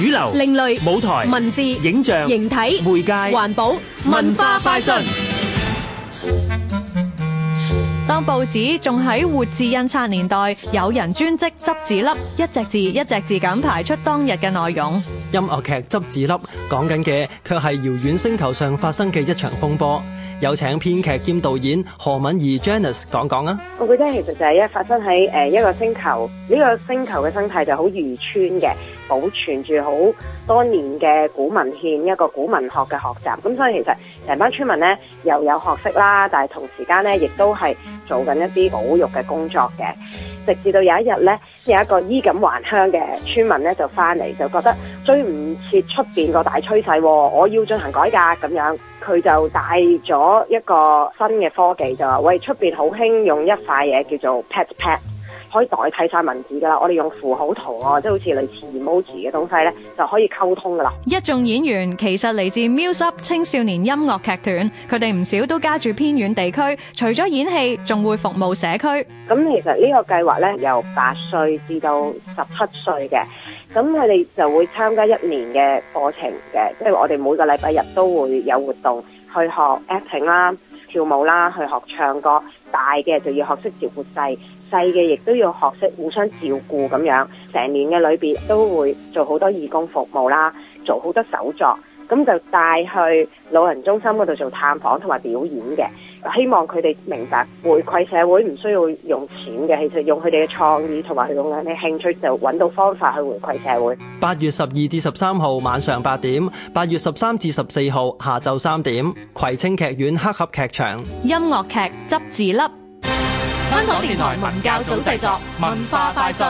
主流、另類舞台、文字、影像、形體、媒介、環保、文化快訊。當報紙仲喺活字印刷年代，有人專職執字粒，一隻字一隻字咁排出當日嘅內容。音樂劇《執字粒》講緊嘅，卻係遙遠星球上發生嘅一場風波。有請編劇兼導演何敏儀 Janice 講講啊！我覺得其實就係一發生喺誒一個星球，呢個星球嘅生態就好漁村嘅，保存住好多年嘅古文獻，一個古文學嘅學習。咁所以其實成班村民咧又有學識啦，但係同時間咧亦都係做緊一啲保育嘅工作嘅。直至到有一日呢，有一個衣錦還鄉嘅村民呢，就翻嚟，就覺得追唔切出邊個大趨勢，我要進行改革咁樣，佢就帶咗一個新嘅科技就話：「喂，出邊好興用一塊嘢叫做 pad pad。」可以代替晒文字噶啦，我哋用符號圖啊，即係好似類似 emoji 嘅東西咧，就可以溝通噶啦。一眾演員其實嚟自 Muse Up 青少年音樂劇團，佢哋唔少都家住偏遠地區，除咗演戲，仲會服務社區。咁其實呢個計劃咧，由八歲至到十七歲嘅，咁佢哋就會參加一年嘅課程嘅，即係我哋每個禮拜日都會有活動去學 acting 啦。跳舞啦，去學唱歌，大嘅就要學識照顧細，細嘅亦都要學識互相照顧咁樣。成年嘅裏邊都會做好多義工服務啦，做好多手作，咁就帶去老人中心嗰度做探訪同埋表演嘅。希望佢哋明白回饋社會唔需要用錢嘅，其實用佢哋嘅創意同埋用佢哋嘅興趣，就揾到方法去回饋社會。八月十二至十三號晚上八點，八月十三至十四號下晝三點，葵青劇院黑盒劇場音樂劇《執字粒》。香港電台文教組製作文化快訊。